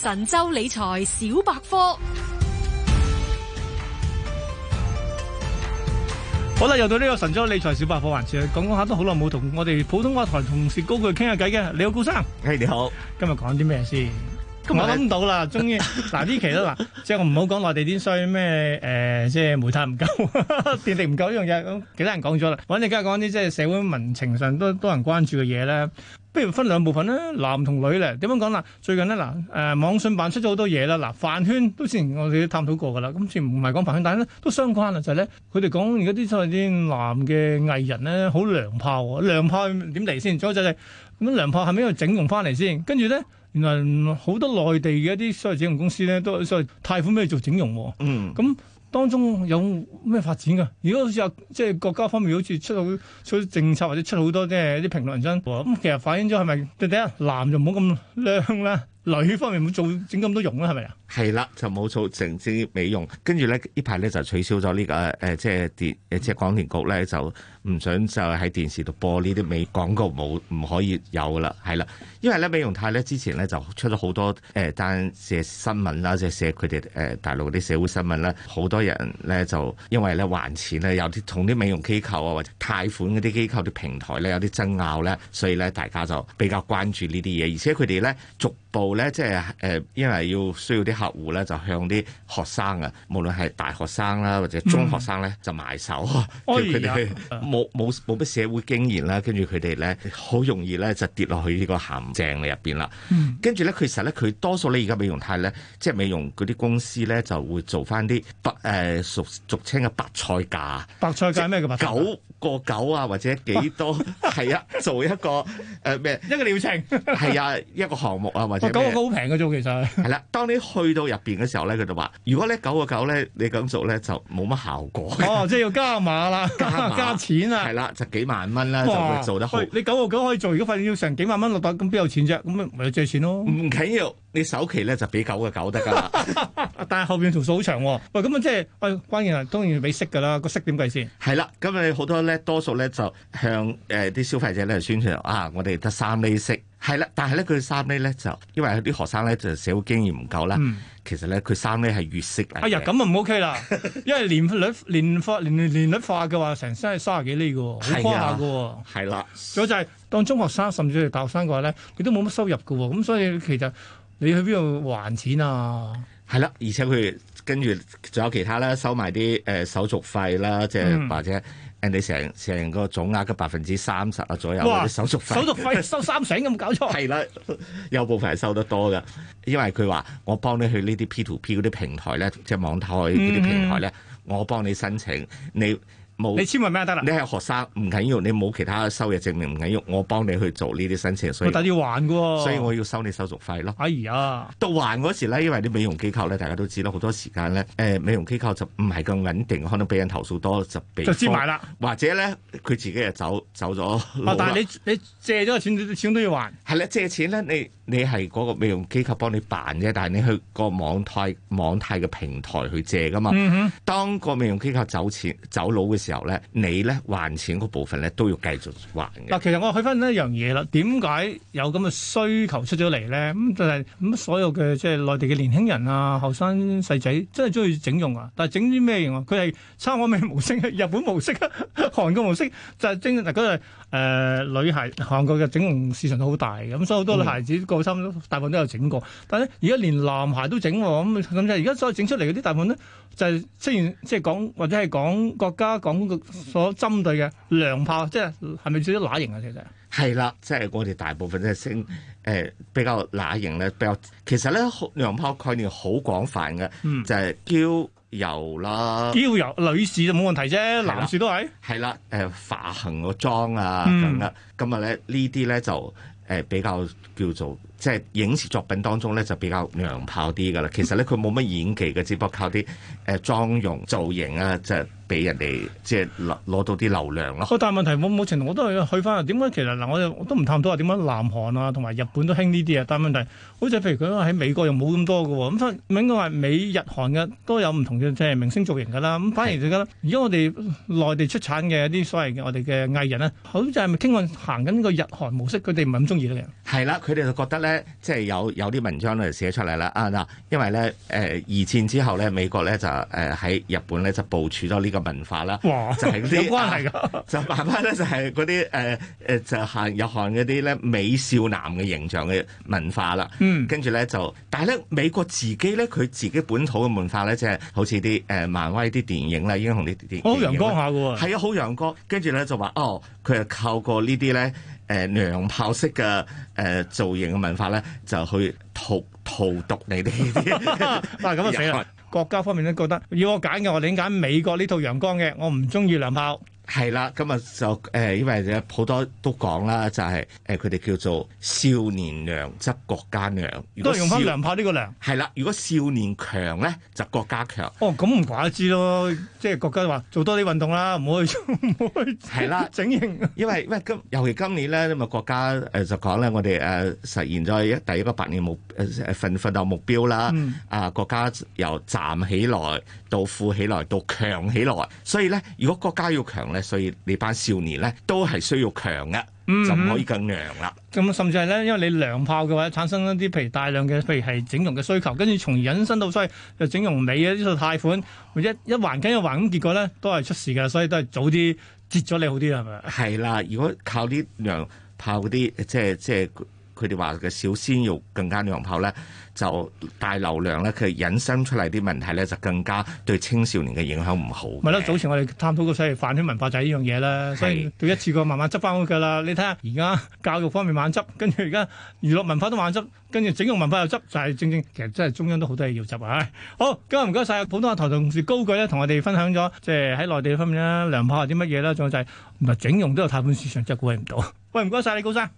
神州理財小百科，好啦，又到呢個神州理財小百科環節。講講下都好耐冇同我哋普通話台同事高炬傾下偈嘅。你好，高生，係、hey，你好，今日講啲咩先？我諗到啦，終於嗱呢期都嗱，即係我唔好講內地啲衰咩，誒、呃，即係煤炭唔夠， 電力唔夠呢樣嘢，咁其他人講咗啦，反正今日講啲即係社會民情上都多人關注嘅嘢咧。譬如分兩部分咧，男同女咧，點樣講啦？最近呢，嗱、呃，誒網信辦出咗好多嘢啦，嗱，飯圈都之前我哋都探討過噶啦，今次唔係講飯圈，但係咧都相關啦，就係、是、咧，佢哋講而家啲所謂啲男嘅藝人咧，好娘炮喎，娘炮點嚟先？再就係咁樣娘炮係咪因整容翻嚟先？跟住咧，原來好多內地嘅一啲所謂整容公司咧，都所謂貸款俾佢做整容喎、哦，嗯，咁、嗯。當中有咩發展㗎？如果好似即係國家方面好似出到出政策或者出好多即係啲評論真，咁哇其實反映咗係咪？第一，第一，男就唔好咁靚啦。女方面冇做整咁多用，啦，係咪啊？係啦，就冇做成整啲美容。跟住咧，依排呢排咧就取消咗呢、這個誒、呃，即係電誒，即係廣電局咧就唔想就喺電視度播呢啲美廣告冇唔可以有啦，係啦。因為咧美容貸咧之前咧就出咗好多誒，單寫新聞啦，即係寫佢哋誒大陸啲社會新聞啦，好多人咧就因為咧還錢咧，有啲同啲美容機構啊或者貸款嗰啲機構啲平台咧有啲爭拗咧，所以咧大家就比較關注呢啲嘢，而且佢哋咧逐部咧即係誒，因為要需要啲客戶咧，就向啲學生啊，無論係大學生啦或者中學生咧，就埋手、嗯、叫佢哋冇冇冇乜社會經驗啦，跟住佢哋咧好容易咧就跌落去呢個陷阱嚟入邊啦。跟住咧，其實咧佢多數你而家美容貸咧，即係美容嗰啲公司咧就會做翻啲白誒俗俗稱嘅白菜價。白菜價咩九個九啊，或者幾多係 啊？做一個誒咩？呃、一個療程係 啊，一個項目啊，或者。九個九好平嘅啫，其實係啦。當你去到入邊嘅時候咧，佢就話：如果呢九個九咧，你咁做咧，就冇乜效果。哦，即係要加碼啦，加碼加錢啦。係啦，就幾萬蚊啦，哇就會做得好。你九個九可以做，如果發現要成幾萬蚊落袋，咁邊有錢啫？咁咪要借錢咯。唔緊要，你首期咧就俾九個九得噶啦。 但係後邊條數好長。喂，咁啊，即係喂，關鍵係當然要俾息噶啦。個息點計先？係啦，咁啊，好多咧，多數咧就向誒啲、呃、消費者咧宣傳啊，我哋得三厘息。係啦，但係咧佢三厘咧就，因為啲學生咧就社會經驗唔夠啦。嗯、其實咧佢三厘係月息嚟。哎呀、啊，咁就唔 OK 啦， 因為年率年化年年率化嘅話，成身係卅幾厘嘅，好高、啊、下嘅。係啦、啊，所以就係、是、當中學生甚至係大學生嘅話咧，佢都冇乜收入嘅喎，咁所以其實你去邊度還錢啊？係啦，而且佢。跟住仲有其他咧，收埋啲誒手續費啦，即係或者誒你成成個總額嘅百分之三十啊左右啲哇手續費，手續費收三成咁，搞錯係啦，有部分係收得多㗎，因為佢話我幫你去呢啲 P2P 嗰啲平台咧，即係網台嗰啲平台咧，嗯嗯我幫你申請你。冇，沒你簽埋咩得啦？你係學生，唔緊要，你冇其他收入證明，唔緊要，我幫你去做呢啲申請。所以但要還嘅喎、啊，所以我要收你手續費咯。哎呀，到還嗰時咧，因為啲美容機構咧，大家都知啦，好多時間咧，誒、呃、美容機構就唔係咁穩定，可能俾人投訴多就俾就簽埋啦。或者咧，佢自己就走走咗、啊。但係你你借咗錢，錢都要還。係咧，借錢咧，你。你係嗰個美容機構幫你辦啫，但你去個網貸網貸嘅平台去借噶嘛？嗯、哼當個美容機構走錢走佬嘅時候咧，你咧還錢嗰部分咧都要繼續還嘅。嗱，其實我去翻一樣嘢啦，點解有咁嘅需求出咗嚟咧？咁、嗯、就係、是、咁、嗯、所有嘅即係內地嘅年輕人啊、後生細仔真係中意整容啊！但整啲咩形？佢係差我咩模式？日本模式啊？韓國模式就係、是、整嗱嗰、呃、女孩韓國嘅整容市場都好大咁，所以好多女孩子好大部分都有整過，但係咧，而家連男孩都整喎，咁咁就而家再整出嚟嗰啲大部分咧，就係雖然即係講或者係講國家講個所針對嘅娘炮，即係係咪最乸型啊？其實係啦，即、就、係、是、我哋大部分都係升誒比較乸型咧，比較，比較其實咧娘炮概念好廣泛嘅，嗯、就係嬌柔啦，嬌柔女士就冇問題啫，是的男士都係係啦，誒、呃、化行個妝啊咁啊，咁啊咧呢啲咧就。誒比較叫做。即係影視作品當中咧就比較娘炮啲噶啦，其實咧佢冇乜演技嘅，只不過靠啲誒、呃、妝容造型啊，即係俾人哋即係攞到啲流量咯。但問題冇冇程度我，我都去去翻啊。點解其實嗱，我又都唔探討啊？點解南韓啊同埋日本都興呢啲啊？但問題好似譬如佢喺美國又冇咁多噶喎。咁分應該話美，美日韓嘅都有唔同嘅即係明星造型噶啦。咁、嗯、反而就而、是、得，是如果我哋內地出產嘅啲所謂嘅我哋嘅藝人啊，好似係咪傾向行緊呢個日韓模式？佢哋唔係咁中意咯，係啦，佢哋就覺得咧。即係有有啲文章咧寫出嚟啦，啊嗱，因為咧誒、呃、二戰之後咧，美國咧就誒喺、呃、日本咧就部署咗呢個文化啦，就係嗰啲有關係噶，就慢慢咧就係嗰啲誒誒就行有行嗰啲咧美少男嘅形象嘅文化啦，嗯，跟住咧就，但係咧美國自己咧佢自己本土嘅文化咧，即係好似啲誒漫威啲電影啦，英雄啲電影。好陽光下嘅喎、啊，係啊，好陽光，跟住咧就話哦，佢係靠過這些呢啲咧，誒娘、呃、炮式嘅誒、呃、造型嘅文化咧，就去荼荼毒你哋啲，咁 啊死啦！國家方面都覺得，要我揀嘅，我寧揀美國呢套陽光嘅，我唔中意娘炮。係啦，今日就誒，因為好多都講啦，就係誒佢哋叫做少年娘則國家娘，都係用翻娘炮呢個娘。係啦，如果少年強咧，就國家強哦，咁唔怪得之咯，即係國家話做多啲運動啦，唔好去，唔好去。係啦，整形。因為喂，今尤其今年咧，咁啊國家誒就講咧，我哋誒實現咗第一個百年目誒誒奮奮鬥目標啦。嗯。啊，國家由站起來到富起來到強起來，所以咧，如果國家要強咧。所以呢班少年咧都係需要強嘅，嗯嗯就唔可以咁娘啦。咁、嗯嗯、甚至係咧，因為你娘炮嘅話，產生一啲譬如大量嘅，譬如係整容嘅需求，跟住從而引申到所以就整容美啊，呢度貸款，或者一還緊一還咁結果咧都係出事噶，所以都係早啲截咗你好啲係咪？係啦，如果靠啲娘炮嗰啲，即係即係。佢哋話嘅小鮮肉更加娘炮咧，就大流量咧，佢引申出嚟啲問題咧，就更加對青少年嘅影響唔好。咪咯，早前我哋探討過所謂飯圈文化就係呢樣嘢啦，所以對一次過慢慢執翻好噶啦。你睇下而家教育方面猛執，跟住而家娛樂文化都猛執，跟住整容文化又執，就係、是、正正其實真係中央都好多嘢要執啊。好，今日唔該晒，普通話台同事高炬咧同我哋分享咗，即係喺內地方面啦，娘炮係啲乜嘢啦，仲有就係、是、唔係整容都有貸款市場真係估唔到。喂，唔該晒你高生。